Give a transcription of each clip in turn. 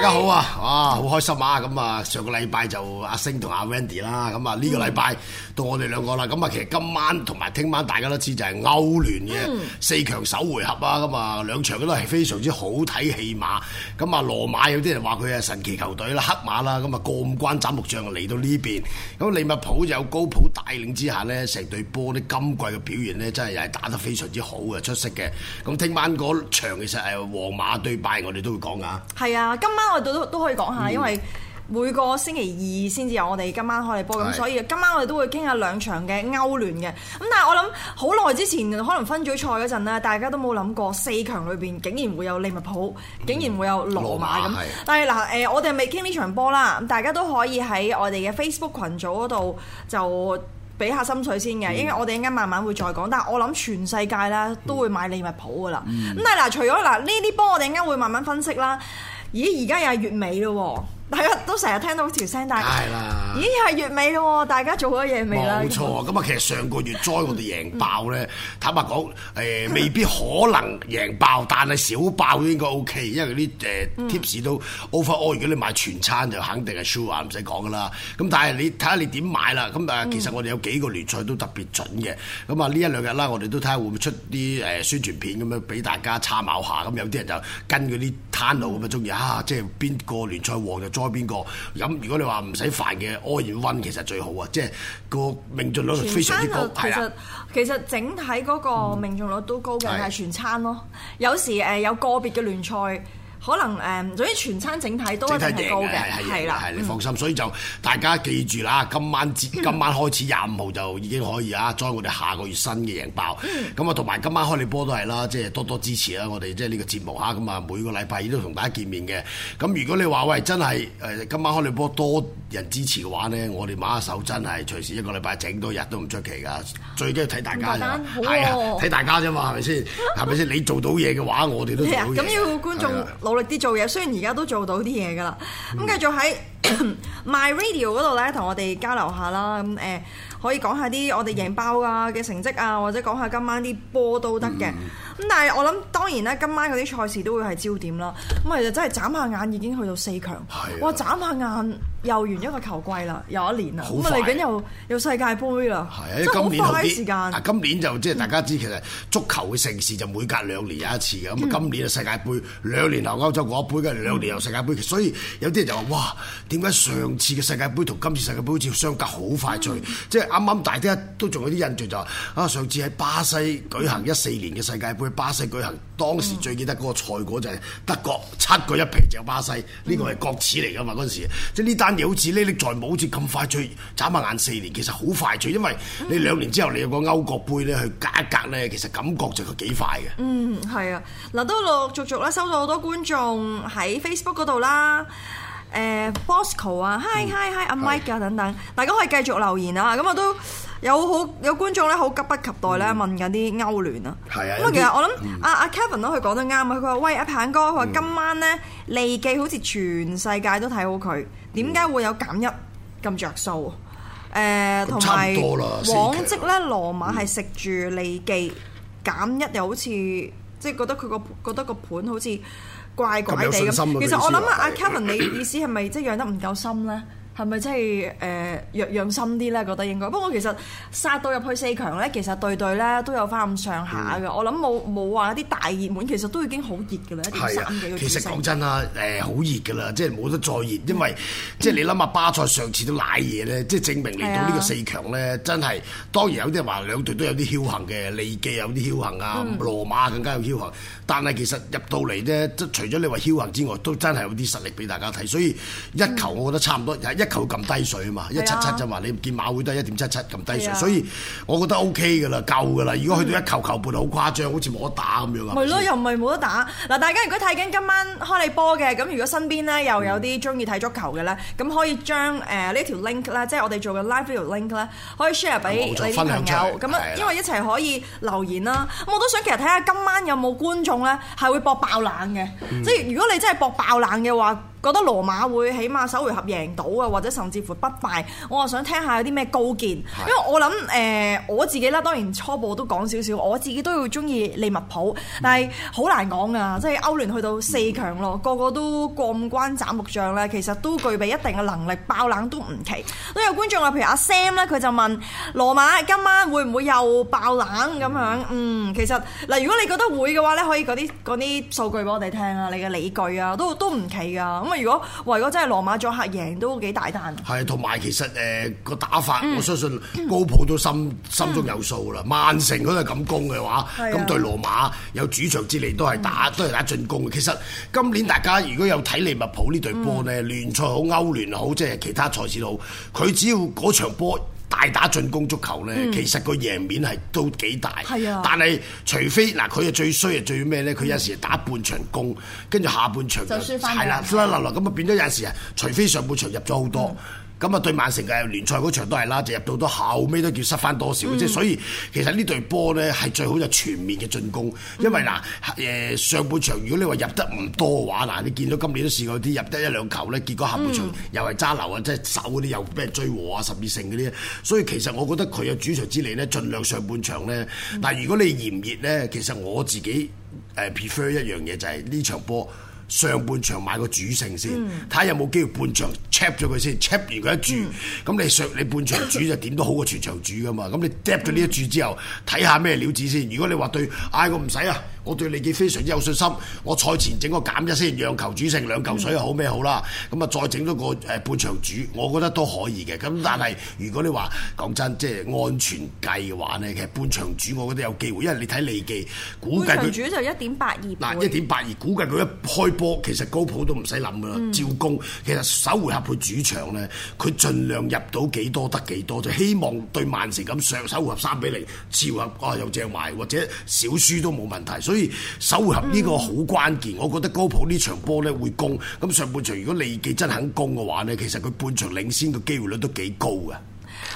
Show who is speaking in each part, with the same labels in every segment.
Speaker 1: 大家好啊，啊好開心啊！咁、嗯、啊，上個禮拜就阿星同阿 Wendy 啦，咁啊呢個禮拜到我哋兩個啦。咁啊，其實今晚同埋聽晚大家都知就係歐聯嘅四強首回合啊，咁啊兩場都係非常之好睇戲碼。咁啊羅馬有啲人話佢係神奇球隊啦、黑馬啦，咁啊過五關斬六將嚟到呢邊。咁利物浦有高普帶領之下咧，成隊波啲今季嘅表現咧，真係又係打得非常之好嘅、出色嘅。咁、嗯、聽晚場其實係皇馬對拜，我哋都會講啊
Speaker 2: 係啊，今晚。我哋都都可以講下，因為每個星期二先至有我哋今晚開你波，咁是的 所以今晚我哋都會傾下兩場嘅歐聯嘅。咁但係我諗好耐之前，可能分組賽嗰陣呢，大家都冇諗過四強裏邊竟然會有利物浦，嗯、竟然會有羅馬咁。馬但係嗱誒，我哋未傾呢場波啦，咁大家都可以喺我哋嘅 Facebook 群組嗰度就俾下心水先嘅，嗯、因為我哋一陣間慢慢會再講。但係我諗全世界咧都會買利物浦噶啦。咁、嗯嗯、但係嗱，除咗嗱呢啲波，我哋一陣間會慢慢分析啦。咦，而家又係月尾咯，大家都成日聽到條聲，但係
Speaker 1: 然，咦係
Speaker 2: 月尾咯，大家做咗嘢
Speaker 1: 未啦？冇錯，咁啊，其實上個月在我哋贏爆咧， 坦白講，誒未必可能贏爆，但係小爆都應該 O K，因為嗰啲誒 tips 都 o f e r 我，如果你買全餐就肯定係 sure，唔使講噶啦。咁但係你睇下你點買啦？咁啊，其實我哋有幾個聯賽都特別準嘅。咁啊，呢一兩日啦，我哋都睇下會唔會出啲誒宣傳片咁樣俾大家參考下。咁有啲人就跟嗰啲。攤到咁啊！中意、嗯、啊！即係邊個聯賽旺就栽邊個。咁如果你話唔使煩嘅 Away Win 其實最好啊！即係個命中率非常之高。其實
Speaker 2: 其實整體嗰個命中率都高嘅，係全餐咯。的有時誒有個別嘅聯賽。可能誒，總之全餐整體都一定係贏嘅，係啦，係你放心，
Speaker 1: 所以就大家記住啦，今晚接今晚開始廿五號就已經可以啊！在我哋下個月新嘅贏爆，咁啊同埋今晚開你波都係啦，即係多多支持啊！我哋即係呢個節目嚇，咁啊每個禮拜都同大家見面嘅。咁如果你話喂真係誒今晚開你波多人支持嘅話咧，我哋馬上真係隨時一個禮拜整多日都唔出奇㗎。最緊要睇大家睇大家啫嘛，係咪先？係咪先？你做到嘢嘅話，我哋都咁要觀眾。
Speaker 2: 努力啲做嘢，雖然而家都做到啲嘢噶啦，咁、嗯、繼續喺 My Radio 嗰度咧，同我哋交流下啦。咁、嗯、誒，可以講下啲我哋贏包啊嘅成績啊，或者講下今晚啲波都得嘅。咁、嗯、但係我諗，當然啦，今晚嗰啲賽事都會係焦點啦。咁其實真係眨下眼已經去到四強，哇、啊！眨下眼。又完一個球季啦，又一年啦，好啊嚟緊又有世界杯啦，係啊的，時今年好快啲。嗱，
Speaker 1: 今年就即係大家知，其實足球嘅盛事就每隔兩年有一次咁、嗯、今年嘅世界杯，兩年後歐洲國家杯嘅，兩年又世界杯，所以有啲人就話哇，點解上次嘅世界杯同今次世界杯好似相隔好快脆？嗯、即係啱啱大啲都仲有啲印象就話、是、啊，上次喺巴西舉行一四年嘅世界杯，巴西舉行，當時最記得嗰個賽果就係德國七個一皮就巴西，呢個係國恥嚟噶嘛？嗰陣時，即係呢又好似呢粒在冇，好似咁快脆眨下眼四年，其實好快脆。因為你兩年之後，你有個歐國杯咧，佢隔一隔咧，其實感覺就係幾快嘅。嗯，
Speaker 2: 係啊，嗱，都陸陸續續咧收咗好多觀眾喺 Facebook 嗰度啦。誒，Bosco 啊，Hi Hi Hi Mike 啊，等等，大家可以繼續留言啦。咁我都有好有觀眾咧，好急不及待咧問緊啲歐聯啊。係啊，咁啊，其實我諗阿阿 Kevin 咧，佢講得啱啊。佢話：喂阿鵬哥，佢話今晚咧利記好似全世界都睇好佢。點解會有減一咁着數？誒、呃，同埋往績咧，羅馬係食住利記減、嗯、一，又好似即係覺得佢個覺得個盤好似怪怪地咁。啊、其實我諗下阿 Kevin， 你意思係咪即係養得唔夠深咧？係咪真係誒弱弱心啲咧？覺得應該。不過其實殺到入去四強咧，其實對對咧都有翻咁上下嘅。啊、我諗冇冇話啲大熱門，其實都已經好熱嘅啦。係啊，其實講真
Speaker 1: 啦，誒、呃、好熱嘅啦，即係冇得再熱，因為、嗯嗯、即係你諗下巴塞上次都瀨嘢咧，即係證明嚟到呢個四強咧，嗯、真係當然有啲人話兩隊都有啲僥倖嘅，利記有啲僥倖啊，嗯、羅馬更加有僥倖。但係其實入到嚟咧，即除咗你話僥倖之外，都真係有啲實力俾大家睇。所以一球我覺得差唔多，嗯、多，一球咁低水啊嘛，是的 一七七就話你唔見馬會都係一點七七咁低水，是的 所以我覺得 O K 噶啦，夠噶啦。如果去到一球球半好誇張，嗯、好似冇得打咁樣咯。咪
Speaker 2: 咯吧，吧又唔係冇得打嗱。大家如果睇緊今晚開你波嘅，咁如果身邊咧又有啲中意睇足球嘅咧，咁、嗯、可以將誒呢條 link 啦，即、就、係、是、我哋做嘅 live video link 咧，可以 share 俾你啲朋友咁啊，因為一齊可以留言啦。咁對了 我都想其實睇下今晚有冇觀眾咧係會博爆冷嘅，嗯、即係如果你真係博爆冷嘅話。覺得羅馬會起碼首回合贏到啊，或者甚至乎不敗。我又想聽下有啲咩高見，是的 因為我諗誒、呃、我自己啦，當然初步都講少少，我自己都要中意利物浦，但係好難講㗎！即係歐聯去到四強咯，嗯、個個都過五關斬六將咧，其實都具備一定嘅能力，爆冷都唔奇。都有觀眾啊，譬如阿 Sam 咧，佢就問羅馬今晚會唔會又爆冷咁樣？嗯，其實嗱，如果你覺得會嘅話咧，可以嗰啲嗰啲數據俾我哋聽啦，你嘅理據啊，都都唔奇㗎，因如果，如果真係羅馬做客贏
Speaker 1: 都幾大單，啊。係，同埋其實誒、呃嗰個打法，嗯、我相信高普都心、嗯、心中有數啦。曼城嗰個咁攻嘅話，咁、嗯、對羅馬有主場之利，嗯、都係打都係打進攻嘅。其實今年大家如果有睇利物浦呢隊波呢，嗯、聯賽好、歐聯好，即係其他賽事好，佢只要嗰場波，大打進攻足球呢，其實個贏面係都幾大，是啊、但係除非嗱，佢係最衰係最咩呢？佢有時打半場攻，跟住下半場就，就輸翻了。係啦，失失落落咁啊，變咗有陣時啊，除非上半場入咗好多。的咁啊對曼城嘅聯賽嗰場都係啦，就入到到後尾都叫失翻多少，即係、嗯、所以其實呢隊波呢係最好就全面嘅進攻，嗯、因為嗱誒、呃、上半場如果你話入得唔多嘅話，嗱、呃、你見到今年都試過啲入得一兩球呢，結果下半場又係揸流啊，嗯、即係守嗰啲又俾人追和啊、十二勝嗰啲，所以其實我覺得佢嘅主場之利呢，盡量上半場呢。嗯、但如果你嫌熱唔熱咧，其實我自己誒、呃、prefer 一樣嘢就係呢場波。上半場買個主勝先，睇下、嗯、有冇機會半場 check 咗佢先，check 完佢一注，咁、嗯、你上你半場主 就點都好過全場主噶嘛，咁你 check 咗呢一注之後，睇下咩料子先。如果你話對，嗌我唔使啊。我對利記非常之有信心。我賽前整個減一先，讓球主勝兩球水、嗯、好咩好啦。咁啊，再整多個誒半場主，我覺得都可以嘅。咁但係如果你話講真，即係安全計劃呢，其實半場主我覺得有機會，因為你睇利記，估計佢半場主就一點八二，嗱一點八二，估計佢一開波其實高普都唔使諗噶啦，照攻。嗯、其實首回合佢主場呢，佢盡量入到幾多得幾多，就希望對曼城咁，上首回合三比零，次回合啊又正埋，或者少輸都冇問題。所以首回合呢個好關鍵，我覺得高普呢場波呢會攻，咁上半場如果利記真肯攻嘅話呢，其實佢半場領先嘅機會率都幾高嘅。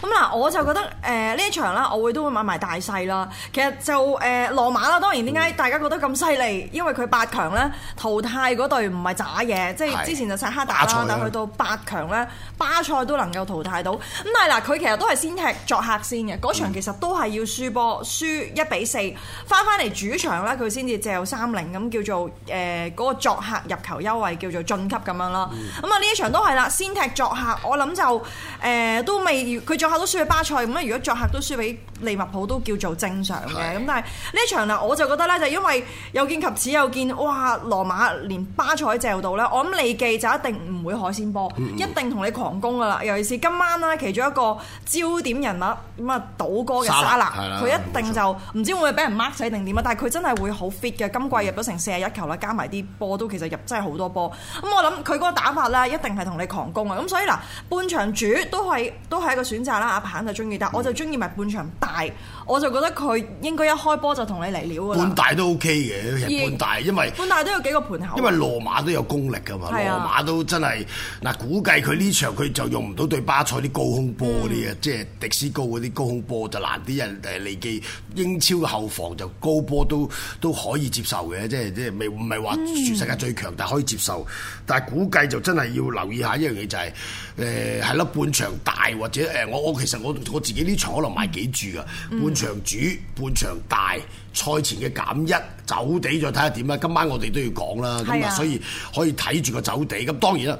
Speaker 2: 咁嗱、嗯，我就覺得誒呢、呃、場啦，我會都會買埋大細啦。其實就誒、呃、羅馬啦，當然點解大家覺得咁犀利？因為佢八強咧淘汰嗰隊唔係渣嘢，嗯、即係之前就刻沙克達啦，但去到八強咧巴塞都能夠淘汰到。咁係嗱，佢、呃、其實都係先踢作客先嘅嗰場，其實都係要輸波，輸一比四，返返嚟主場咧佢先至借有三零咁叫做誒嗰、呃那個作客入球優惠叫做晉級咁樣啦。咁啊呢場都係啦，先踢作客，我諗就誒、呃、都未佢都輸去巴塞，咁咧如果作客都輸俾利物浦都叫做正常嘅。咁是的 但係呢場啦，我就覺得咧，就因為有見及此有見，哇！羅馬連巴塞掙到咧，我諗利記就一定唔會海鮮波，嗯嗯，一定同你狂攻噶啦。尤其是今晚啦，其中一個焦點人物咁啊，賭哥嘅沙拉，佢一定就唔沒錯 知會唔會俾人 mark 死定點啊？但係佢真係會好 fit 嘅。今季入咗成四十一球啦，加埋啲波都其實入真係好多波。咁我諗佢嗰個打法咧，一定係同你狂攻啊。咁所以嗱，半場主都係都係一個選擇。啊、阿鵬就中意，但我就中意埋半場大，我就覺得佢應該一開波就同你嚟料噶。半
Speaker 1: 大都 OK 嘅，半大因為半
Speaker 2: 大都有幾個盤口。因為羅
Speaker 1: 馬都有功力噶嘛，是啊、羅馬都真係嗱、呃，估計佢呢場佢就用唔到對巴塞啲高空波啲啊，嗯、即係迪斯高嗰啲高空波就難啲人誒嚟記。英超嘅後防就高波都都可以接受嘅，即係即係未唔係話全世界最強，嗯、但係可以接受。但係估計就真係要留意一下一樣嘢就係誒係咯，半場大或者誒、呃、我，呃呃呃其實我我自己呢場可能買幾注㗎，半場主半場大，賽前嘅減一走地再睇下點啊！今晚我哋都要講啦，咁是啊，所以可以睇住個走地。咁當然啦，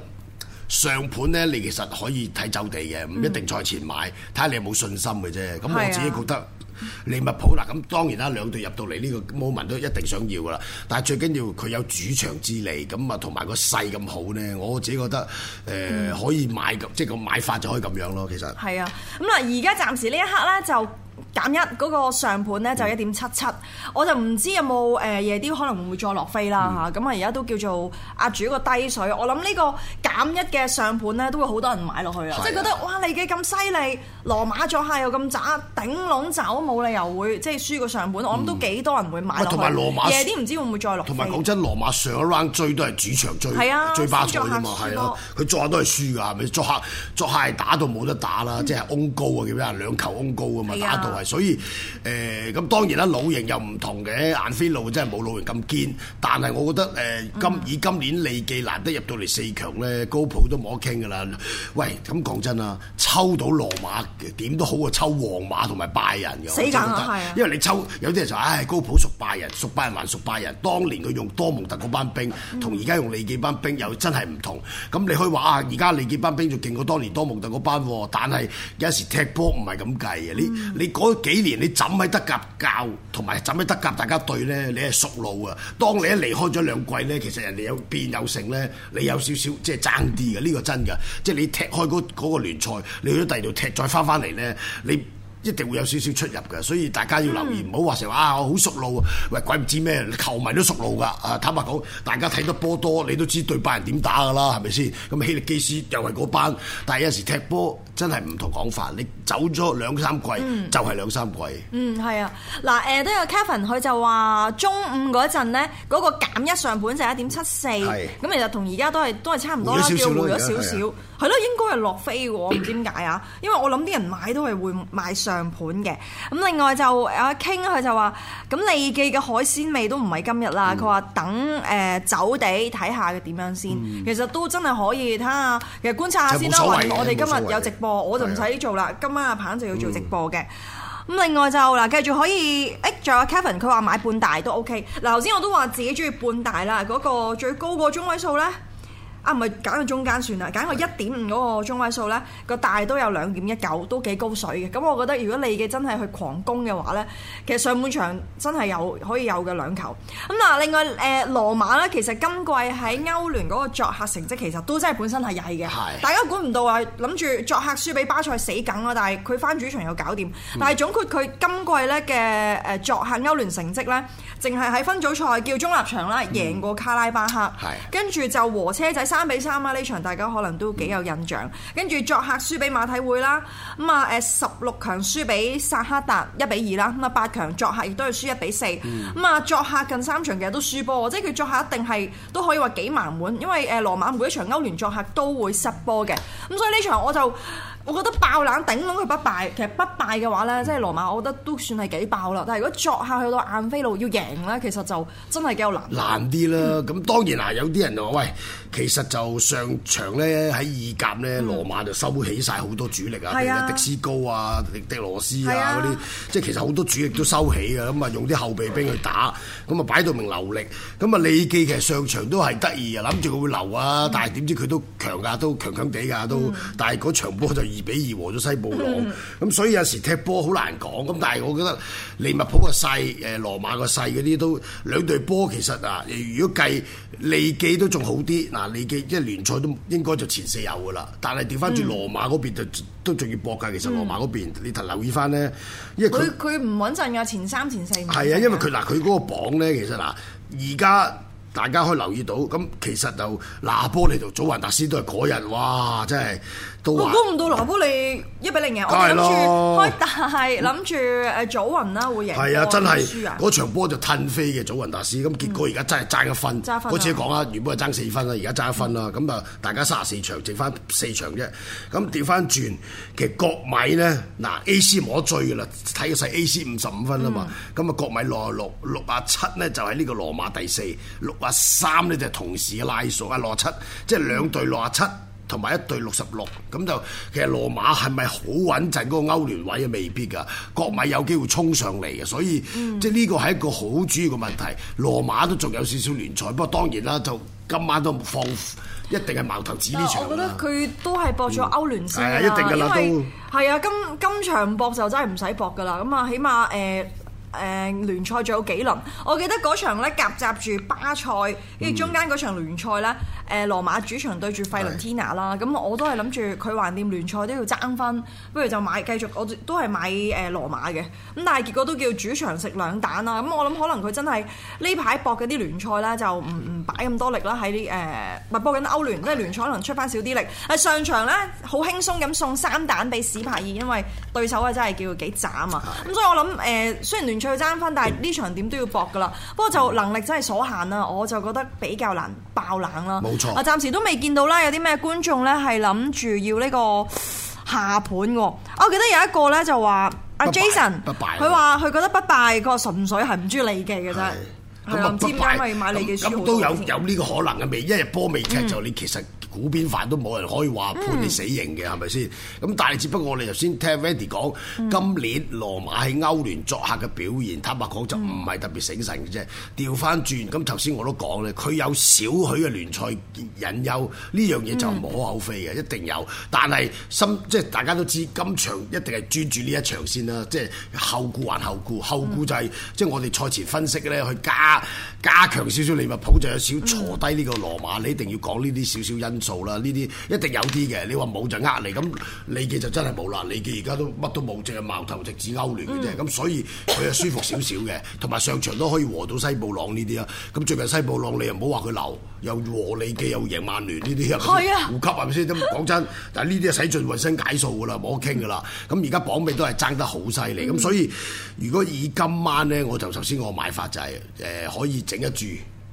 Speaker 1: 上盤呢，你其實可以睇走地嘅，唔一定賽前買，睇下你有冇信心嘅啫。咁我自己覺得。利物浦嗱，咁當然啦，兩隊入到嚟呢個 moment 都一定想要㗎喇，但係最緊要佢有主場之利，咁啊同埋個勢咁好咧，我自己覺得誒、呃、可以買，即係個買法就可以咁樣咯，其實。
Speaker 2: 係啊，咁嗱，而家暫時呢一刻咧就。減一嗰個上盤咧就一點七七，我就唔知有冇誒夜啲可能會唔會再落飛啦嚇，咁啊而家都叫做壓住一個低水，我諗呢個減一嘅上盤咧都會好多人買落去啊，即係覺得哇你嘅咁犀利，羅馬作客又咁渣，頂籠走都冇理由會即係輸個上盤，我諗都幾多人會買落去。同埋羅馬夜啲唔知會唔會再落。同埋講
Speaker 1: 真，羅馬上一 round 追都係主場追，係啊，追八場啊嘛係咯，佢作客都係輸㗎，係咪作客作客係打到冇得打啦，即係 on goal 啊，叫咩兩球 on goal 啊嘛所以誒咁、呃、當然啦，老營又唔同嘅，晏菲 路真係冇老營咁堅。但係我覺得誒今、呃嗯、以今年利記難得入到嚟四強咧，高普都冇得傾㗎啦。喂，咁講真啊，抽到羅馬點都好過抽皇馬同埋拜仁㗎，因為你抽有啲人就唉、哎，高普熟拜仁，熟拜仁還熟拜仁。當年佢用多蒙特嗰班兵，同而家用利記班兵又真係唔同。咁、嗯、你可以話啊，而家利記班兵仲勁過當年多蒙特嗰班喎。但係有時踢波唔係咁計嘅，你你。嗯 嗰幾年你怎喺德甲教同埋怎喺德甲大家對呢？你係熟路啊。當你一離開咗兩季呢，其實人哋有變有成呢，你有少少即係爭啲嘅，呢個真嘅。即係、這個、你踢開嗰嗰個聯賽，你去咗第二度踢，再翻翻嚟呢。你。一定會有少少出入嘅，所以大家要留意，唔好話成話啊！我好熟路，喂，鬼唔知咩？球迷都熟路噶。誒，坦白講，大家睇得波多，你都知道對班人點打噶啦，係咪先？咁希力基斯又係嗰班，但係有時踢波真係唔同講法。你走咗兩三季，嗯、就係兩三季。
Speaker 2: 嗯，係啊，嗱、呃，誒都有 Kevin 佢就話中午嗰陣咧，嗰、嗰個減一上盤就係一點七四，咁其實同而家都係都係差唔多啦，叫咗少少，少。係咯，應該係落飛喎，唔知點解啊？因為我諗啲人買都係會買上盤嘅。咁另外就阿傾佢就話，咁利記嘅海鮮味都唔係今日啦。佢話、嗯、等誒、呃、走地睇下佢點樣先。嗯、其實都真係可以睇下，其實觀察下先啦。冇所謂。我哋今日有直播，我就唔使做啦。是的 今晚阿鵬就要做直播嘅。咁、嗯、另外就嗱，繼續可以，誒、欸、仲有 Kevin 佢話買半大都 OK。嗱，頭先我都話自己中意半大啦。嗰、嗰個最高個中位數咧？啊，唔係揀個中間算啦，揀個一點五嗰個中位數咧，個大都有兩點一九，都幾高水嘅。咁我覺得，如果你嘅真係去狂攻嘅話咧，其實上半場真係有可以有嘅兩球。咁嗱，另外誒羅馬咧，其實今季喺歐聯嗰個作客成績其實都真係本身係曳嘅。係。大家估唔到啊，諗住作客輸俾巴塞死梗咯，但係佢翻主場又搞掂。但係總括佢今季咧嘅誒作客歐聯成績咧，淨係喺分組賽叫中立場啦，贏過卡拉巴克。係。跟住就和車仔。三比三啦，呢場大家可能都幾有印象，跟住作客輸俾馬體會啦，咁啊誒十六強輸俾薩克達一比二啦，嗯，咁啊八強作客亦都係輸一比四，咁啊作客近三場其實都輸波，即係佢作客一定係都可以話幾盲滿，因為誒羅馬每一場歐聯作客都會失波嘅，咁所以呢場我就我覺得爆冷頂唔到佢不敗，其實不敗嘅話呢，即係羅馬我覺得都算係幾爆啦，但係如果作客去到晏菲路要贏呢，其實就真係幾有難難
Speaker 1: 啲啦。咁 當然啊，有啲人就話喂。其實就上場咧，喺意甲咧，羅馬就收起晒好多主力啊，譬、嗯、如迪斯高啊、迪迪羅斯啊嗰啲，嗯、即係其實好多主力都收起嘅，咁啊用啲後備兵去打，咁啊擺到明流力，咁啊利記其實上場都係得意啊，諗住佢會流啊，但係點知佢都強噶，都強強地噶都，但係嗰場波就二比二和咗西布朗，咁、嗯、所以有時踢波好難講，咁但係我覺得利物浦個勢、誒羅馬個勢嗰啲都兩隊波其實啊，如果計利記都仲好啲嗱。你嘅即係聯賽都應該就前四有噶啦，但係調翻轉羅馬嗰邊就都仲要搏㗎。嗯、其實羅馬嗰邊你留意翻咧，因為佢佢
Speaker 2: 唔穩陣㗎，前三前四。係啊，
Speaker 1: 因為佢嗱佢嗰個榜咧，其實嗱，而家大家可以留意到，咁其實就拿波里同祖雲達斯都係嗰日，哇！真係。我估唔
Speaker 2: 到拿玻里一比零贏，我諗住開大，諗住誒祖雲啦會贏。係、嗯、贏啊，真係嗰、啊、
Speaker 1: 場波就吞飛嘅祖雲達斯，咁結果而家真係爭一分。嗰次講啦，嗯、原本係爭四分啊，而家爭一分啦。咁啊、嗯，大家三十四場剩翻四場啫。咁調翻轉，其實國米呢，嗱、呃、AC 冇得追噶啦，睇個勢 AC 五十五分啊嘛。咁啊、嗯、國米六啊六六啊七呢，就喺呢個羅馬第四，六啊三呢，就同時拉索啊攞七，67，即係兩隊六啊七。同埋一對六十六，咁就其實羅馬係咪好穩陣嗰、嗰個歐聯位啊？未必噶，國米有機會衝上嚟嘅，所以、嗯、即係呢個係一個好主要嘅問題。羅馬都仲有少少聯賽，不過當然啦，就今晚都唔放，一定係矛頭指呢場。我覺得
Speaker 2: 佢都係搏咗歐聯先啦，嗯哎、一定噶啦，因為係都啊，今今場搏就真係唔使搏噶啦。咁啊，起碼誒誒聯賽仲有幾輪。我記得嗰場咧夾雜住巴塞，跟住中間嗰場聯賽咧。嗯嗯誒羅馬主場對住費倫天拿啦，咁我都係諗住佢橫掂聯賽都要爭分，不如就買繼續，我都係買誒羅馬嘅。咁但係結果都叫主場食兩蛋啦。咁我諗可能佢真係呢排博嗰啲聯賽咧，就唔唔擺咁多力啦，喺啲咪博緊歐聯，即係聯賽可能出翻少啲力。喺上場呢，好輕鬆咁送三蛋俾史柏爾，因為對手啊真係叫幾渣啊嘛。咁所以我諗誒，雖然聯賽要爭分，但係呢場點都要博㗎啦。不過就能力真係所限啦，我就覺得比較難爆冷啦。我沒暫時都未見到啦，有啲咩觀眾咧係諗住要呢個下盤喎。我記得有一個咧就話阿敗 Jason，佢話佢覺得不敗個純粹係唔中意利記嘅。嘅啫是，係啊唔知係敗因為買利記輸好多錢。
Speaker 1: 都有有呢個可能嘅未，一日波未踢就、嗯、你其實。古邊犯都冇人可以話判你死刑嘅，係咪先？咁但係，只不過我哋頭先聽 Wendy 講，嗯、今年羅馬喺歐聯作客嘅表現，嗯、坦白講就唔係特別醒神嘅啫。調翻轉，咁頭先我都講咧，佢有少許嘅聯賽隱憂呢樣嘢就無可厚非嘅，一定有。但係心即係大家都知，今場一定係專注呢一場先啦，即係後顧還後顧，後顧就係、是嗯、即係我哋賽前分析咧去加。加強少少，利物浦就有少坐低呢個羅馬。你一定要講呢啲少少因素啦，呢啲一定有啲嘅。你話冇就呃你，咁利記就真係冇啦。利記而家都乜都冇，淨係矛頭直指歐聯嘅啫。咁所以佢就舒服少少嘅，同埋 上場都可以和到西布朗呢啲啊。咁最近西布朗你又唔好話佢流，又和你嘅，嗯、又贏曼聯呢啲啊，呼吸些。係咪先？咁講真， 但係呢啲啊使盡渾身解數㗎啦，冇得傾㗎啦。咁而家榜尾都係爭得好犀利。咁、嗯、所以如果以今晚咧，我就頭先我買法就係、是、誒、呃、可以整一注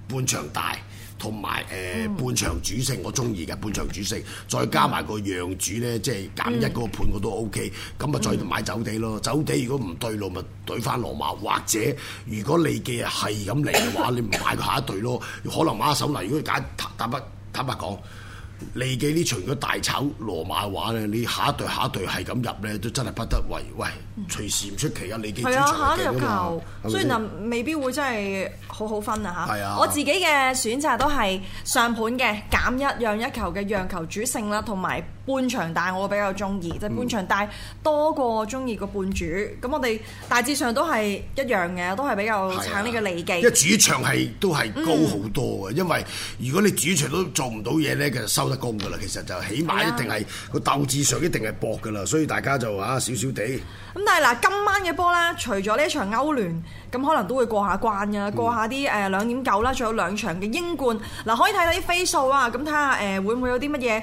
Speaker 1: 半場大。同埋誒半場主勝，我中意嘅半場主勝，再加埋個讓主呢，即係減一嗰個盤我都 OK、嗯。咁啊，再買走地咯，走地如果唔對路，咪對翻羅馬。或者如果你嘅係咁嚟嘅話， 你唔買下一隊咯。可能買一手嗱，如果大家坦白坦白講。利記呢場如果大炒羅馬話咧，你下一隊下一隊係咁入咧，都真係不得為喂。隨時唔出奇啊！利記的下一個球嘅，雖然
Speaker 2: 未必會真係好好分啊！嚇的，我自己嘅選擇都係上盤嘅減一讓一球嘅讓球主勝啦同埋。半場大，我比較中意即係半場大多過中意個半主。咁、嗯、我哋大致上都係一樣嘅，都係比較撐呢個利記、啊。因為主場
Speaker 1: 係都係高好多嘅，嗯、因為如果你主場都做唔到嘢咧，其實就收得高噶啦。其實就起碼一定係個是、啊、鬥智上一定係搏噶啦，所以大家就嚇少少地。
Speaker 2: 咁、啊、但係嗱，今晚嘅波啦，除咗呢場歐聯，咁可能都會過下關噶，過下啲誒兩點九啦，仲有兩場嘅英冠。嗱，可以睇下啲飛數啊，咁睇下誒會唔會有啲乜嘢？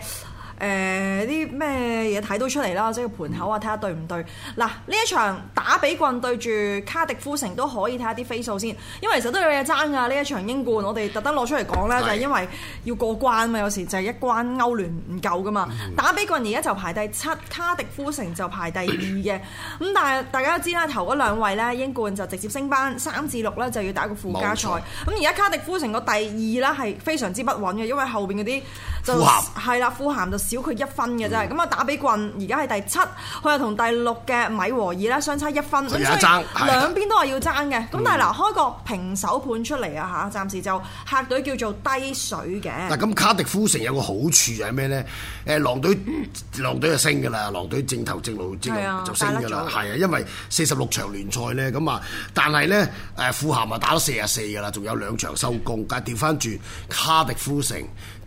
Speaker 2: 誒啲咩嘢睇到出嚟啦？即係盤口啊，睇下對唔對？嗱，呢一場打比郡對住卡迪夫城都可以睇下啲飛數先，因為其實都有嘢爭噶。呢一場英冠我，我哋特登攞出嚟講咧，就係因為要過關嘛。有時就係一關歐聯唔夠噶嘛。打比郡而家就排第七，卡迪夫城就排第二嘅。咁、嗯、但係大家都知啦，頭嗰兩位呢，英冠就直接升班，三至六呢，就要打個附加賽。咁沒錯 而家卡迪夫城個第二咧係非常之不穩嘅，因為後邊嗰啲就係啦，富咸就。富咸 少佢一分嘅啫，咁啊打比棍而家係第七，佢又同第六嘅米和爾咧相差一分，咁所以兩邊都話要爭嘅。咁但係嗱，開個平手盤出嚟啊嚇，暫時就客隊叫做低水嘅。嗱，咁
Speaker 1: 卡迪夫城有個好處係咩咧？誒狼隊狼隊就升噶啦，狼隊正頭正路正路就升噶啦，係啊，因為四十六場聯賽咧咁啊，但係咧誒富咸啊打咗四啊四噶啦，仲有兩場收工，但係調翻轉卡迪夫城。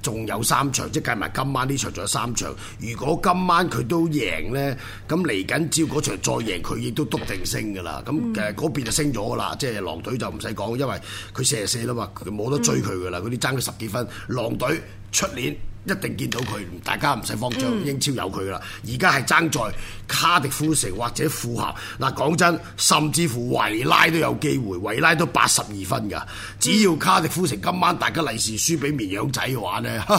Speaker 1: 仲有三場，即係計埋今晚呢場仲有三場。如果今晚佢都贏呢，咁嚟緊朝嗰場再贏，佢亦都篤定升噶啦。咁誒嗰邊就升咗噶啦，即係狼隊就唔使講，因為佢四十四啦嘛，佢冇得追佢噶啦。嗰啲爭佢十幾分，狼隊出年。一定見到佢，大家唔使慌張。英超有佢噶啦，而家係爭在卡迪夫城或者富咸嗱。講真，甚至乎維拉都有機會，維拉都八十二分噶。只要卡迪夫城今晚大家利是輸俾綿羊仔嘅話呢。咁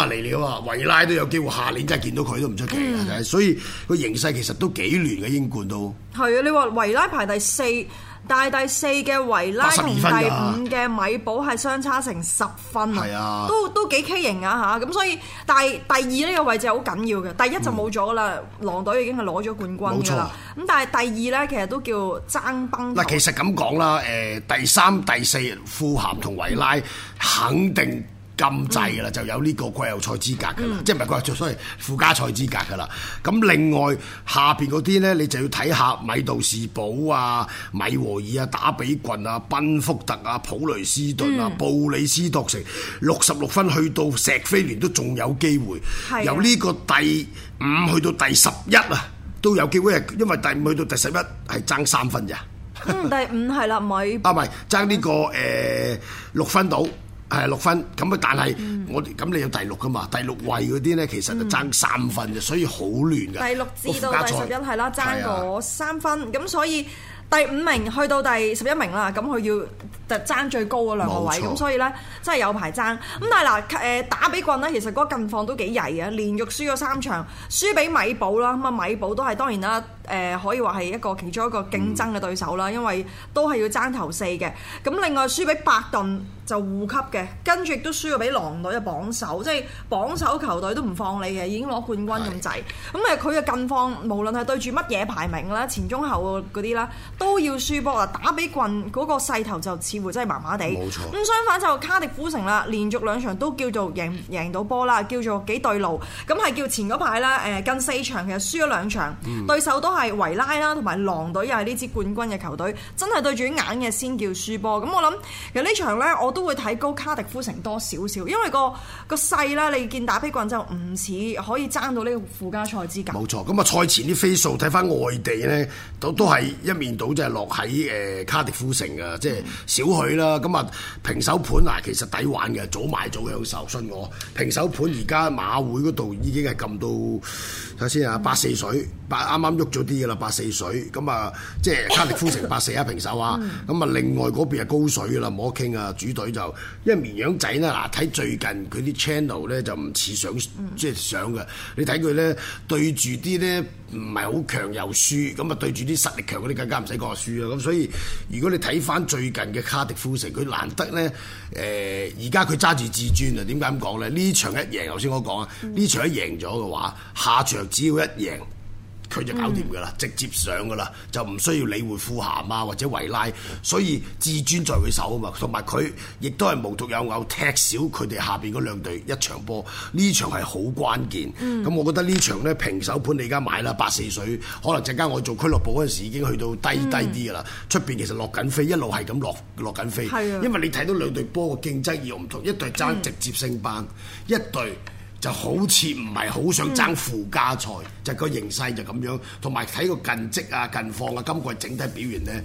Speaker 1: 啊嚟了啊！嗯、維拉都有機會，下年真係見到佢都唔出奇、嗯、所以個形勢其實都幾亂嘅，英冠都
Speaker 2: 係啊。你話維拉排第四。但係第四嘅維拉同分第五嘅米堡係相差成十分是、啊都，都都幾畸形啊嚇！咁所以第第二呢個位置好緊要嘅，第一就冇咗啦，嗯、狼隊已經係攞咗冠軍㗎啦。咁錯、啊、但係第二呢，其實都叫爭崩。嗱，其
Speaker 1: 實咁講啦，誒、呃，第三、第四，富咸同維拉肯定。禁制噶啦，就有呢個季後賽資格噶啦，嗯、即係唔係季後賽，所謂附加賽資格噶啦。咁另外下邊嗰啲呢，你就要睇下米杜士堡啊、米和爾啊、打比郡啊、賓福特啊、普雷斯頓啊、嗯、布里斯托城，六十六分去到石飛聯都仲有機會，的由呢個第五去到第十一啊，都有機會。因為第五去到第十一係爭三分咋、嗯。第五係啦，米 啊，唔係爭呢個誒六、呃、分到。係六分，咁啊！但係、嗯、我哋，咁你有第六㗎嘛？第六位嗰啲咧，其實爭三分嘅，嗯、所以好亂嘅。第六至到第十一名係啦，爭攞
Speaker 2: 的三分，咁所以第五名去到第十一名啦，咁佢要就爭最高嗰兩個位，咁錯所以咧真係有排爭。咁但係嗱，誒、呃、打比郡呢，其實嗰近況都幾曳嘅，連續輸咗三場，輸俾米堡啦。咁啊，米堡都係當然啦。誒可以話係一個其中一個競爭嘅對手啦，嗯、因為都係要爭頭四嘅。咁另外輸俾白頓就護級嘅，跟住亦都輸咗俾狼隊嘅榜首，即係榜首球隊都唔放你嘅，已經攞冠軍咁滯，咁誒佢嘅近況無論係對住乜嘢排名啦、前中後嗰啲啦，都要輸波。啊打俾棍嗰、嗰個勢頭就似乎真係麻麻地。冇錯，咁相反就卡迪夫城啦，連續兩場都叫做贏贏到波啦，叫做幾對路。咁係叫前排啦，誒近四場其實輸咗兩場、嗯、對手都。都係維拉啦，同埋狼隊又係呢支冠軍嘅球隊，真係對住眼嘅先叫輸波。咁我諗，其實呢場咧，我都會睇高卡迪夫城多少少，因為個個勢啦，你見打比棍就唔似可以爭到呢個附加賽資格。
Speaker 1: 冇錯，咁啊，賽前啲飛數睇翻外地咧，都都係一面倒，就係落喺誒卡迪夫城啊，即係少許啦。咁啊、嗯，平手盤嗱，其實抵玩嘅，早買早享受，信我。平手盤而家馬會嗰度已經係撳到頭先啊，八四水，八啱啱喐咗。啲啦，八四水咁啊，即係卡迪夫城八四一平手啊，咁啊 另外嗰邊係高水啦，唔好傾啊。主隊就因為綿羊仔呢，嗱睇最近佢啲 channel 咧就唔似想，即係想嘅。你睇佢呢，對住啲呢，唔係好強又輸，咁啊對住啲實力強嗰啲更加唔使講輸啊。咁所以如果你睇翻最近嘅卡迪夫城，佢難得、呃、呢。誒，而家佢揸住自尊啊。點解咁講呢？呢場一贏，頭先我講啊，呢 場一贏咗嘅話，下場只要一贏。佢就搞掂㗎啦，直接上㗎啦，就唔需要理會富咸啊或者維拉，所以自尊在佢手啊嘛。同埋佢亦都係無獨有偶，偶踢少佢哋下邊嗰兩隊一場波，呢場係好關鍵。咁、嗯、我覺得呢場呢，平手盤你而家買啦，八四水可能陣間我做俱樂部嗰陣時已經去到低低啲㗎啦。出邊、嗯、其實落緊飛，一路係咁落落緊飛，的因為你睇到兩隊波個競爭意唔同，嗯、一隊爭直接升班。嗯、一隊。就好似唔係好想爭附加賽，嗯、就個形勢就咁樣，同埋睇個近績啊、近況啊，今季整體表現咧，誒、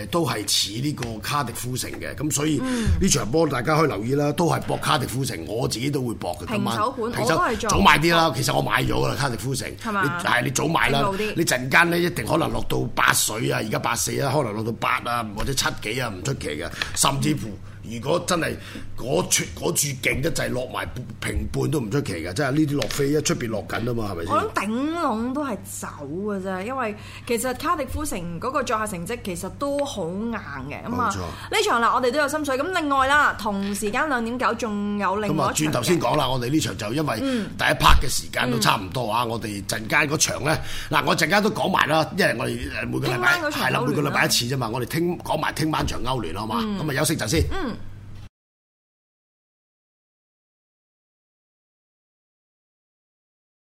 Speaker 1: 呃、都係似呢個卡迪夫城嘅，咁所以呢、嗯、場波大家可以留意啦，都係博卡迪夫城，我自己都會博嘅。今晚平手盤早買啲啦，其實我買咗啊卡迪夫城，但係嗎你，你早買啦，你陣間咧一定可能落到八水啊，而家八四啊，可能落到八啊或者七幾啊唔出奇嘅，甚至乎。嗯如果真係嗰處嗰處勁一陣落埋平半都唔出奇嘅，即係呢啲落飛，一出邊落緊啊嘛，係咪先？我諗
Speaker 2: 頂籠都係走嘅啫，因為其實卡迪夫城嗰個作客成績其實都好硬嘅咁啊。冇錯，呢場啦，我哋都有心水。咁另外啦，同時間兩點九仲有另外一場。咁啊，轉頭先
Speaker 1: 講啦，我哋呢場就因為第一 part 嘅時間都差唔多啊、嗯嗯，我哋陣間嗰場咧嗱，我陣間都講埋啦，因為我哋每個禮拜係啦，每個禮拜一次啫嘛，我哋聽講埋聽晚場歐聯啊嘛，咁啊、嗯、休息陣先。嗯